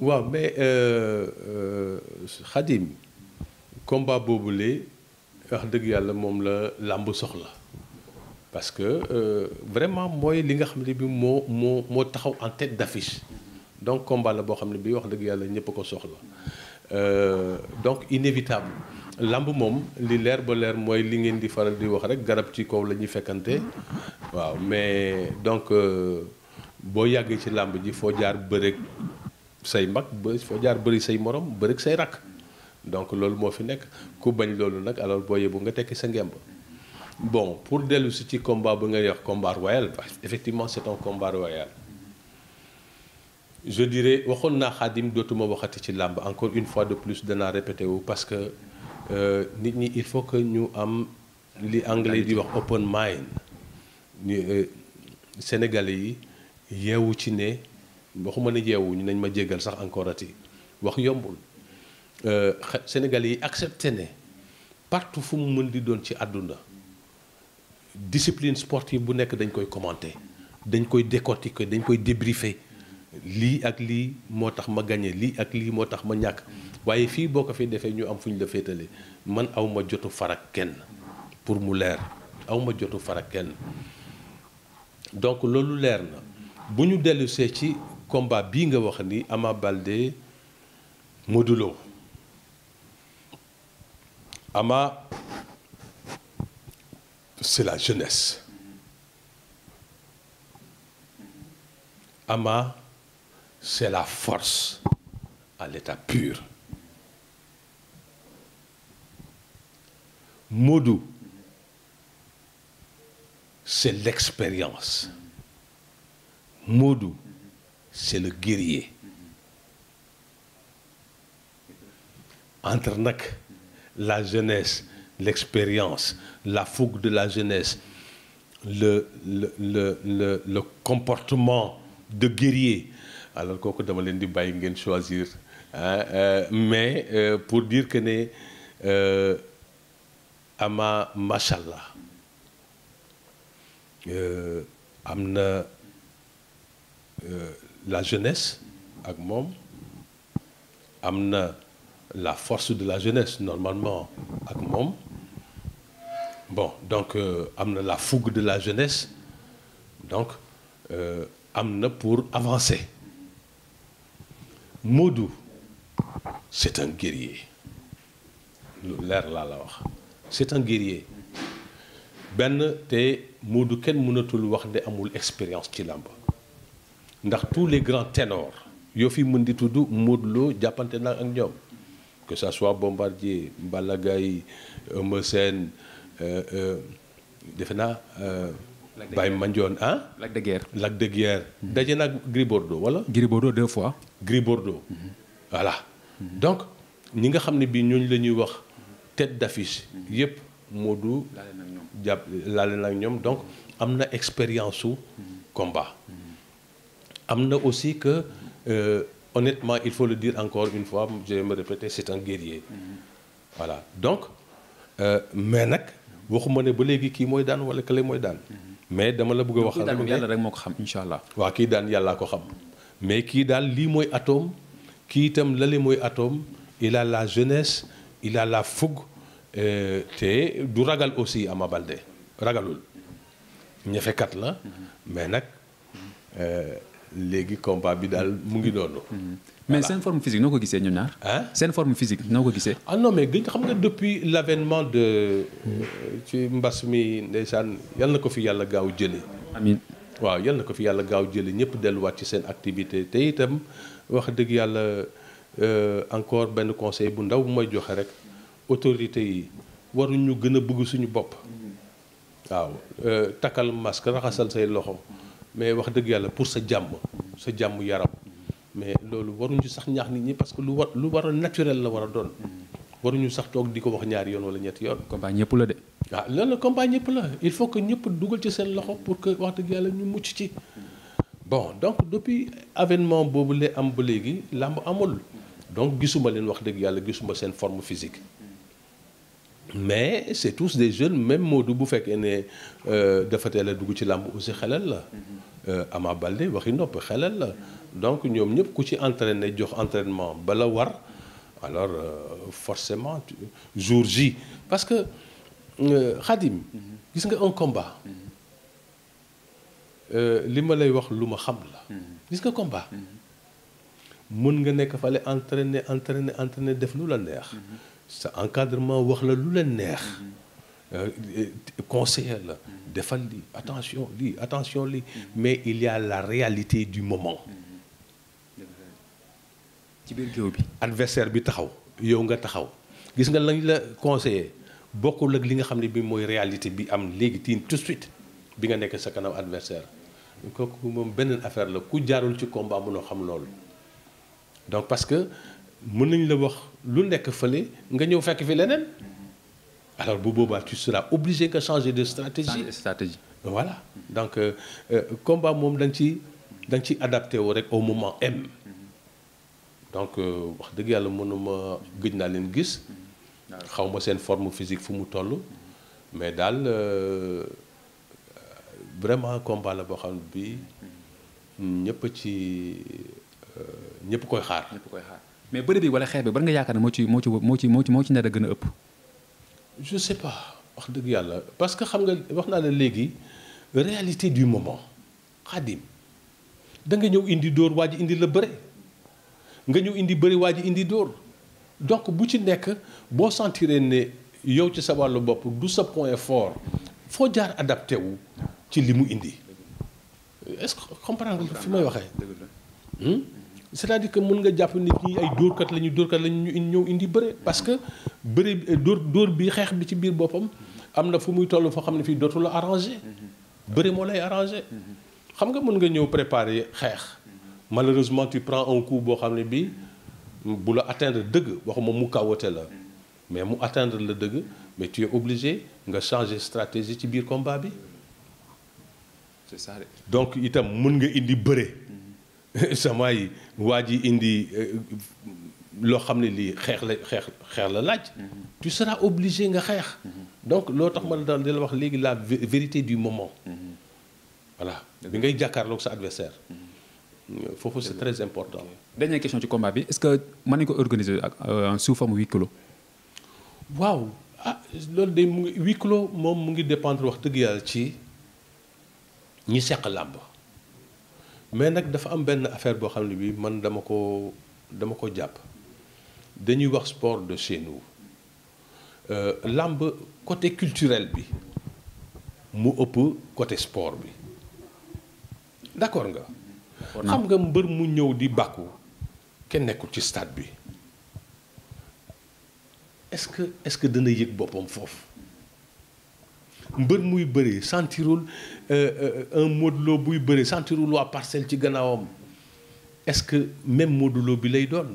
waaw mais euh, euh, Khadim combat boobule wax dëgg yàlla moom la làmb soxla parce que euh, vraiment mooy li nga xam ne bi moo moo moo taxaw en tête d'affiche donc combat la boo xam ne bi wax dëgg yàlla ñëpp ko soxla euh, donc inévitable làmb moom li leer ba leer mooy li ngeen di faral di wax rek garab ci kaw la ñuy fekkante waaw mais donc euh, boo yàggee ci làmb ji foo jaar bëreek say mbag ba foo jaar bëri say moroom bëri say rakk donc loolu moo fi nekk ku bañ loolu nag alors boo yebu nga tekki sa ngemb bon pour dellu si ci combat ba ngay wax combat royal effectivement c'est un combat royal je dirais waxoon naa xaadim dootuma waxati ci làmb encore une fois de plus danaa répété wu parce que euh, nit ñi il faut que ñu am li anglais di wax open mind euh, sénégalais yi yeewu ci ne waxuma ne ñu nañ ma jéggal sax encore ati wax yombul euh, sénégal yi accepté ne partout fu mu mën di doon ci àdduna disipline sportive bu nekk dañ koy commenter dañ koy décortiquer dañ koy débriefer lii ak lii moo tax ma gagné lii ak lii moo tax ma ñàkk waaye fii boo ko fi defee ñu am fu ñu la féetale man aw ma jotu farak kenn pour mu leer aw ma jotu farak kenn donc loolu leer na bu ñu dellusee ci combat bii nga wax ni Ama Baldé Modou Lo Ama c'est la jeunesse Ama c'est la force à l'état pur Modou c'est l'expérience Modou c'est le guerrier entre nag la jeunesse l'expérience la fougue de la jeunesse le le le le le comportement de guerrier alors kooku dama leen di bàyyi ngeen choisir ah mais euh, pour dire que ne euh, ama machallah euh, am na la jeunesse ak moom am na la force de la jeunesse normalement ak moom bon donc euh, am na la fougue de la jeunesse donc euh, am na pour avancer Modou c'est un guerrier lu leer laa la wax c'est un guerrier benn te Modou kenn mënatul wax de amul expérience ci làmb ndax tous les grands ténors yoo fi mën di tudd Modou Lo jàppante naa ak ñoom que ça soit Bombardier Balla Gaye Eumeu Sène euh, euh, defe naa. Euh, Baye Mandione ah. Lac de Guiers Lac daje naa Gris Bordeaux wala. Gris Bordeaux deux fois. Gris Bordeaux. Mm-hmm. voilà donc ñi nga xam ne bii ñooñu la ñuy wax tête d'affiche yëpp Modou. laale jàpp laale na ñoom donc am na expérience su mm-hmm. combat. Mm-hmm. am na aussi que euh, honnêtement il faut le diir encore une fois je vais me répéter c'est un guerrier mm-hmm. voilà donc euh, mais nag waxuma ne ba léegi kii mooy daan wala kële mooy daan mm-hmm. mais dama la bëgg a waxal moom yàlla rek moo ko xam incha allah. waaw kii daan yàllaa ko xam mais kii daal lii mooy atome kii itam lale mooy atome il a la jeunesse il a la fougue euh, te du ragal aussi Ama Baldé ragalul ñefekat la mm-hmm. mais nag. léegi compa bi daal mu ngi noonu. Mm-hmm. mais seen forme physique noo ko gisee ñoom ñaar. seen forme physique noo ko gisee. ah non mais gën xam nga depuis l' avènement de ci mbas mi ndeysaan yal na ko fi yàlla gaaw jëlee. amiin waaw yal na ko fi yàlla gaaw jëlee ñëpp delluwaat ci seen activité te itam wax dëgg yàlla euh, encore benn conseil bu ndaw bu may joxe rek autorité yi waruñu gën a bëgg suñu bopp. Mm-hmm. waaw euh, takkal masque raxasal say loxo. mais wax dëgg yàlla pour sa jàmm sa jàmm yaram mais loolu waruñu sax ñaax nit ñi parce que lu war lu war a naturel la war a doon waruñu sax toog di ko wax ñaari yoon wala ñetti yoon. combat ñëpp la de. waaw ah, loolu la combat ñëpp la il faut que ñëpp dugal ci seen loxo pour que wax dëgg yàlla ñu mucc ci bon donc depuis avènement boobu la am ba léegi làmb amul donc gisuma leen wax dëgg yàlla gisuma seen forme physique. mais c'est tous des jeunes même Modou bu fekkee ne euh, dafa teel a dugg ci làmb aussi xelal la. Euh, Ama Baldé waxi nopp xelal la donc ñoom ñëpp ku ci entraîné jox entrainement bala war alors euh, forcément jour J parce que Khadim. gis nga un combat. li ma lay wax lu ma xam la. gis nga combat. mën nga nekk fale entraîner entraîner entraîner def lu la neex. sa encadrement wax la lu leen neex mm-hmm. euh, euh, conseiller la mm-hmm. defal li attention li attention lii mm-hmm. mais il y la réalité du moment ci biir géew bi adversaire bi taxaw yow nga taxaw gis nga lañ la conseiller bokkul ak li nga xam ne bi mooy réalité bi am léegi tiin tout de suite bi nga nekk sa kanam adversaire kooku moom beneen affaire la ku jaarul ci combat mënoo xam loolu donc parce que mën nañ la wax lu nekk fële nga ñëw fekk fii leneen alors bu boobaa tu seras obligé nga changer de stratégie stratégie voilà donc euh, euh, combat moom da ci da nga ci adapté wu rek au moment M donc euh, wax dëgg yàlla mënuma gëj naa leen gis xaw ma seen forme physique fu mu toll mais daal vraiment combat la boo xam bi ñëpp ci ñëpp koy xaar ñëpp koy xaar mais bëri bi wala xeex bi ban nga yaakaar ne moo ci moo ci moo ci moo ci moo ci nar a gën a ëpp. je sais pas wax dëgg yàlla parce que xam nga wax naa la léegi réalité du moment xaadim da nga ñëw indi dóor waa ji indi la bëre nga ñëw indi bëri waa ji indi dóor donc bu ci nekk boo sentiree ne yow ci sa wàllu bopp du sa point fort foo jaar adapté wu ci li mu indi est-ce que comprendre fi may waxee. cest à di que mun nga jàpp nit ñi ay dóorkat lañu dóorkat lañu ñu ñëw indi bëre parce que bëre dóor dóor bi xeex bi ci biir boppam am na fu muy toll foo xam ne fii dootu la arrangé bëre moo lay arrangé xam nga mën nga ñëw préparer xeex malheureusement tu prends un coup boo xam ne bii bu la atteindre dëgg waxuma mu kawote la mais mu atteindre la dëgg mais tu es obligé nga changer stratégie ci biir combat bi c'est donc itam mun nga indi bëre sama yi waa ji indi euh, loo xam ne lii xeex la xeex xeex la laaj. Mm-hmm. tu obligé nga xeex. Mm-hmm. donc loo tax ma daal di la wax léegi la vérité du moment. Mm-hmm. voilà bi ngay jàkkaarloog sa adversaire. foofu c'est très important. dernière question ci combat bi est-ce que mën nañu ko organiser ak euh, sous forme huis clos. waaw ah loolu de mu ngi huis moom mu ngi dépendre wax dëgg yàlla ci ñi seq làmb. mais nag dafa am benn affaire boo xam ne bi man dama ko dama ko jàpp dañuy wax sport de chez nous euh, làmb côté culturel bi mu ëpp côté sport bi d'accord nga xam nga mbër mu ñëw di bàkku kenn nekkul ci stade bi est-ce que est-ce que dana yëg boppam foofu mbër muy bëri sentirul euh, euh, un Modou Lo buy bëri sentirul waa parcelle ci gannaawam est-ce que même Modou bi lay doon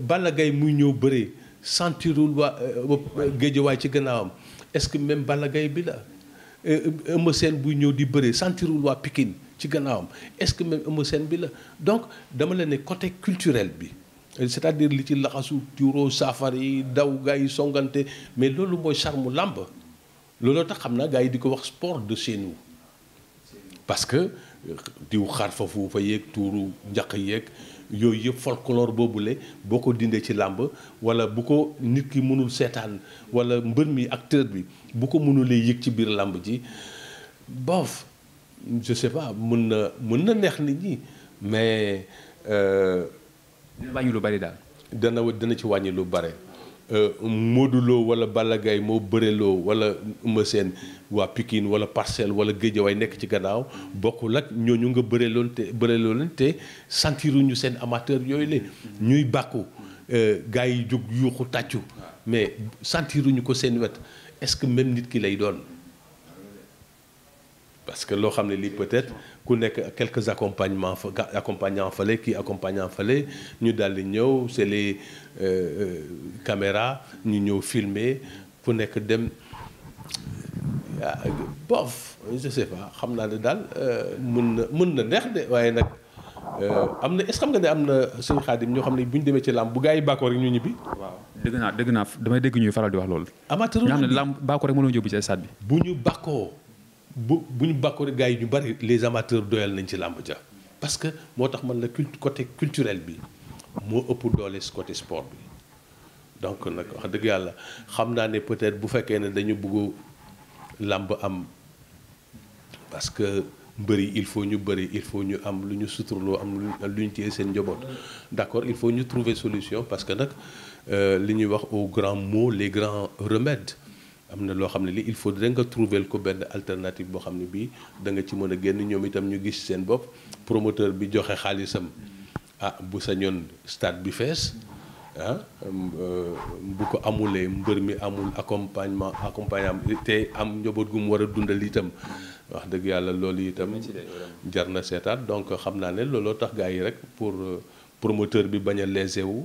Balla Gaye muy ñëw bëri sentirul waa euh, géejewaay ci gannaawam est-ce que même Balla Gaye bi la Eumeu Sène buy ñëw di bëri sentirul waa Pikine ci gannaawam est-ce que même bi la donc dama la ne côté culturel bi c'est-à-dire li ci laxasu turo safar yi daw gaay yi songante mais loolu mooy charme làmb looloo tax xam naa gaa yi di ko wax sport de chez parce que euh, diw xaar fa fuufa yeeg tuuru njaq yeeg yooyu yëpp folklore boobule boo ko dindee ci làmb wala bu ko nit ki mënul seetaan wala mbër mi acteur bi bu ko mënulee yëg ci biir làmb ji boof je sais pas mën na mën na neex nit ñi mais. Euh, dina wàññi lu bari daal. dana dana ci wàññi lu bare. Euh, Modou Lo wala Balla Gaye moo bëreloo wala Eumeu Sène waa Pikine wala Parcelles wala Guédiawaye nekk ci gannaaw bokkul ak ñu nga bëreloon te bëreloo leen te sentiruñu seen amateur yooyu la ñuy bàkku euh, gars yi jóg yuuxu tàccu mais sentiruñu ko seen wet est-ce que même nit ki lay doon parce que loo xam ne lii peut-être ku nekk quelque accompagnement fa accompagnant fale kii accompagnant fale ñu daal di ñëw c'est les euh, euh, caméras ñu ñëw filmer ku nekk dem ah, bof je sais pas xam naa ne daal euh, mun na mën na neex de waaye nag am na est-ce xam nga ne am na suñu xaadim ñoo xam ne bu ñu demee ci làmb bu gars yi bàkkoo rek ñu ñibbi. waaw dégg naa dégg naa damay dégg ñuy faral di wax loolu. amateur ñu xam ne làmb bàkkoo rek mënoo yóbbu ci stade bi. bu ñu bàkkoo. bu bu ñu bàkkoon gars yi ñu bari les amateurs doyal nañ ci làmb ca parce que moo tax man la culte côté culturel bi moo ëpp doole côté sport bi donc nag wax dëgg yàlla xam naa ne peut-être bu fekkee ne dañu bëgg làmb am parce que mbëri il faut ñu bëri il faut ñu am lu ñu suturloo am lu ñu téye seen njaboot d'accord il faut ñu trouver solution parce que nag euh, li ñuy wax aux grands maux les grands remèdes am na loo xam ne li il faut da nga trouver ko benn alternative boo xam ne bii da nga ci mën a génn ñoom itam ñu gis seen bopp promoteur bi joxe xaalisam ah bu sañoon stade bi fees ah euh, bu ko amulee mbër mi amul accompagnement accompagnant te am njaboot gu mu war a dundal itam wax dëgg yàlla loolu itam jar na seetaat donc xam naa ne looloo tax gaa yi rek pour euh, promoteur bi bañ a lésé wu.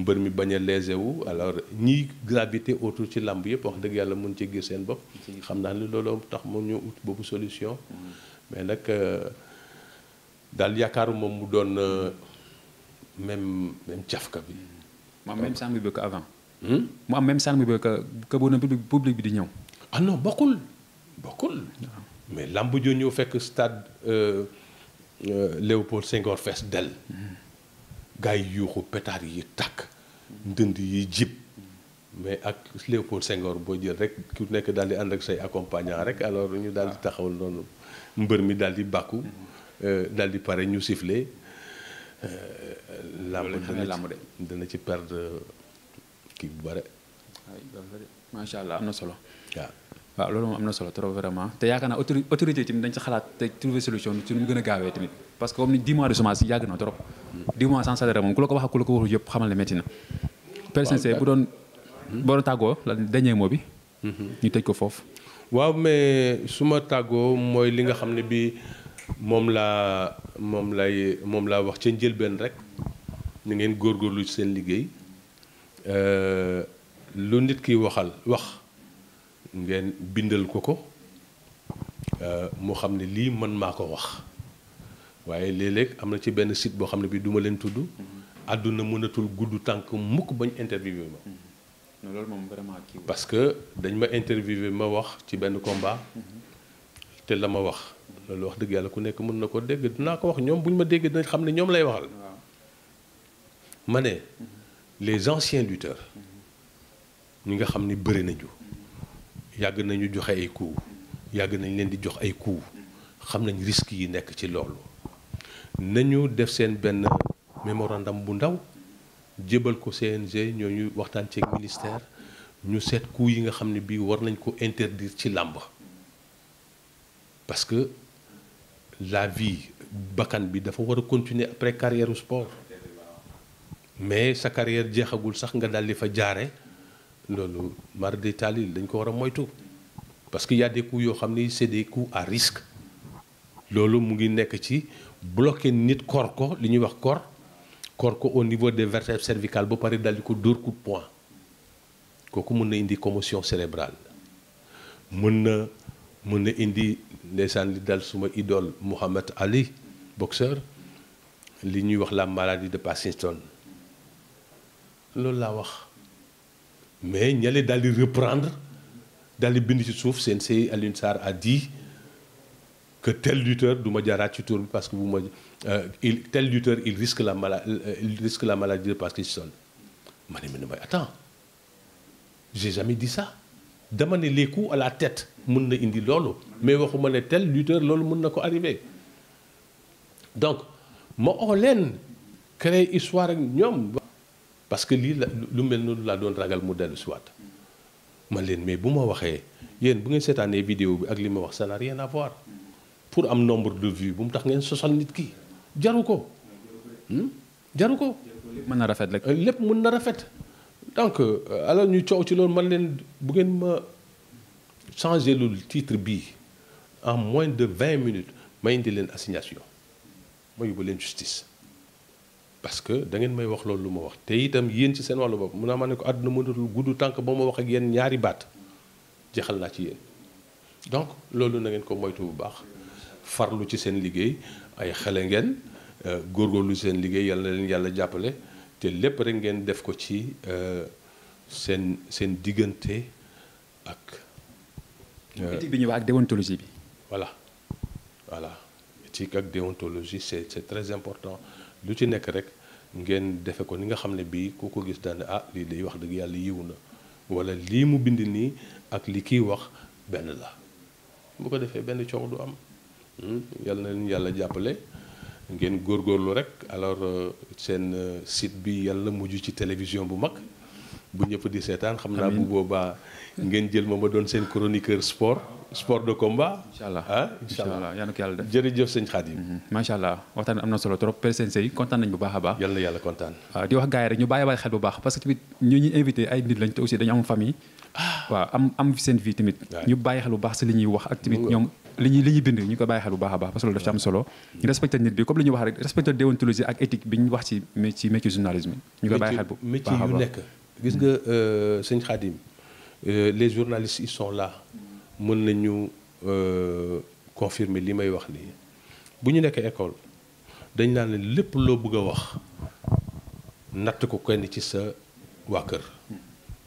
mbër mi bañ a lésé wu alors ñiy gravité autour ci làmb yëpp wax dëgg yàlla mun ci gis seen bopp. xam naa ni looloo tax ma ñu ut boobu solution. mais nag euh, daal yaakaaru moom mu doon euh, même même cafka bi. mu am même sànq bi ko avant. Hmm? mu am même sànq bi que que boona public bi di ñëw. ah non bokkul bokkul. mais làmb joo ñëw fekk stade euh, Léopold Senghor fees dell. Hmm. gars yi yuuxu pétard yi tàkk ndënd yi jib mais ak Léopold Senghor boo jël rek ku nekk daal di ànd ak say accompagnant rek alors ñu daal di ah. taxawul noonu mbër mi daal di bàkku mm-hmm. euh, daal di pare ñu sifle euh, làmb dana ci dana ci perdre kii bu bare macha allah am na solo waaw waaw loolu moom am na solo trop vraiment te yaakaar naa autorité autorité tamit dañ sa xalaat te trouver solution ci nu mu gën a gaawee tamit parce que comme ni 10 mois de chômage yàgg na trop 10 mois sans salaire moom ku la ko wax ak ku la ko waxul yëpp xamal ne métti na persensé bu doon boo doon tàggoo la dernier mot bi mhm. ñu tëj ko foofu waaw mais su ma tàggoo mooy li nga xam ne bi moom laa moom lay moom laa wax ci njëlbeen rek ñu ngeen góor góorgóorlu ci seen liggéey euh, l nit ki waxal wax ngeen bindal ko ko euh, moo xam ne lii man maa ko wax waaye léeg-léeg am na ci benn site boo xam ne bii duma leen tudd mm-hmm. àdduna mënatul gudd tànk mukk bañ interviewé ma mm-hmm. loolu moom vraiment kii parce que dañ ma interviewé ma wax ci benn combat mm-hmm. te la ma wax loolu wax dëgg yàlla ku nekk mën na koo dégg naa ko wax ñoom bu ñu ma dégg dañ xam ne ñoom lay waxal ma ne les anciens lutteurs ñi nga xam ne bëri na nañu yàgg nañu joxe ay coup yàgg nañ leen di jox ay coup xam nañ risques yi nekk ci loolu nañu def seen benn mémorandum bu ndaw jébal ko CNG ñooñu waxtaan ceeg ministère ñu seet coup yi nga xam ne bii war nañ ko interdire ci làmb parce que la vie bakkan bi dafa war a continuer après carrière sport mais sa carrière jeexagul sax nga daal di fa jaare loolu mar de taalil dañ ko war a moytu parce que y a des yoo xam ni c'est des coups à risque loolu mu ngi nekk ci bloqué nit kor ko li ñuy wax kor kor ko au niveau des vertèbres cervicales ba pare dal di ko dur coup de kooku mën na indi commotion cérébrale mën na mën na indi ndeysaan li dal suma idole Muhammad Ali boxeur li ñuy wax la maladie de Parkinson loolu laa wax mais ñale daal di reprendre daal di bind ci suuf seen see Alioune Sarr a dit que tel lutteur du ma jaaraat ci tour bi parce que bu ma euh, il tel lutteur il risque la mala euh, il risque la maladie de Parkinson ma ne ma ne may attends j'ai jamais dit ça dama ne les coups à la tête mun na indi loolu mais waxuma ne tel lutteur loolu mun na ko arrivé donc ma oo leen histoire ak ñoom. parce que lii la lu mel noonu laa doon ragal mu dellu si waat man leen mais bu ma waxee yéen bu ngeen seetaanee vidéo bi ak li ma wax ça n'a rien à voir pour am nombre de vues bu mu tax ngeen sosal nit ki jaru ko hmm? jaru ko. mën na rafet rek euh, lépp mën na rafet. donc euh, alors ñu coow ci loolu man leen bu ngeen ma changé lu bi en moins de vingt minutes ma indi leen assignation ma yóbbu leen justice. parce que da ngeen may wax loolu lu ma wax te itam yéen ci seen wàllu bopp mun naa ma ne ko àdduna mënatul gudd tànk ba ma wax ak yéen ñaari baat jeexal naa ci yéen donc loolu na ko moytu bu baax farlu ci seen liggéey ay xale ngeen euh, góorgóorlu seen liggéey yàlla leen yàlla jàppale te lépp rek ngeen def ko ci euh, seen seen diggante ak. Euh, éthique bi ñu wax ak déontologie bi. voilà voilà éthique ak déontologie c'est c'est très important. lu ci nekk rek ngeen defe ko ni nga xam ne bii ku ko gis daane ah lii day wax dëgg yàlla yiwu na walla lii mu bind nii ak li kiy wax benn la bu ko defee benn coow du am hmm? yàlla na leen yàlla jàppale ngeen góor góorlu rek alors euh, seen euh, sit bi yàlla mujj ci télévision bu mag bu ñëpp di seetaan xam naa bu boobaa ngeen jël ma ma doon seen chroniqueur sport sport de combat. incha allah ah, yaa ngi ko yàlla def jërëjëf sëñ Khadim. Mhm. macha allah waxtaan am na solo trop Père Sensé yi kontaan nañ bu baax a baax. yàlla yàlla kontaan. Ah, di wax gars yi rek ñu bàyyi bàyyi xel bu baax parce que tamit ñu ñuy invité ay nit lañ te aussi dañu am ah. bàyyi xel bu baax si li ñuy wax ak tamit ñoom. li ñuy li ñuy bind ñu ko bàyyi xel bu baax a baax parce que loolu daf ci am solo ñu mm. respecté nit bi comme li ñuy wax rek a baax gis nga euh, sëñ Khadim euh, les journalistes ils sont là mën nañu euh, confirmer li may wax nii bu ñu nekkee école dañ naan lépp loo bëgg a wax natt ko kenn ci sa waa kër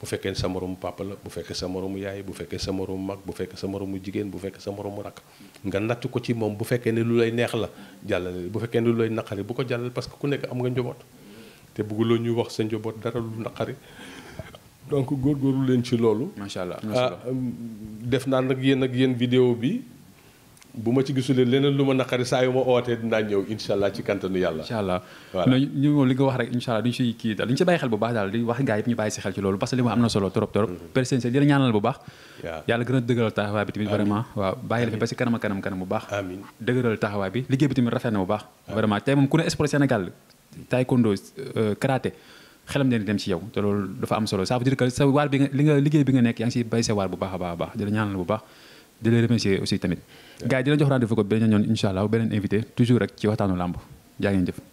bu fekkee sa moromu papa la bu fekkee sa moromu yaay bu fekkee sa moromu mag bu fekkee sa moromu jigéen bu fekkee sa moromu rakk nga natt ko ci moom bu fekkee ne lu lay neex la jàllale bu fekkee ne lu lay naqari bu ko jàllale parce que ku nekk am nga njoboot te bëgguloo ñuy wax sa njaboot dara lu naqari donc góorgóorlu leen ci loolu. macha allah ah, def naa nag yéen ak bi bu ma ci gisulee leneen lu ma naqari saa yu ma ootee dinaa ñëw incha allah ci kantanu yàlla. incha allah voilà li nga wax rek incha allah duñ si kii daal duñ si bàyyi xel bu baax daal di wax gaa yëpp ñu bàyyi si xel ci loolu parce li ma am na solo trop trop. Mm-hmm. personne di la ñaanal bu baax. yàlla gën a dëgëral taxawaay bi tamit vraiment waaw bàyyi la fi parce que kanam kanam kanam bu baax. amiin dëgëral taxawaay bi liggéey bu baax. vraiment tey taekwondo euh, karaté xelam dina dem ci yow te loolu dafa am solo ça veut dire que sa waar bi nga li nga liggéey bi nga nekk yaa ngi si bay sa waar bu baax a baax a baax di la ñaanal bu baax di la aussi tamit gars dina jox rendez-vous ko beneen ñoon incha allah beneen invité toujours rek ci waxtaanu làmb jaa ngeen jëf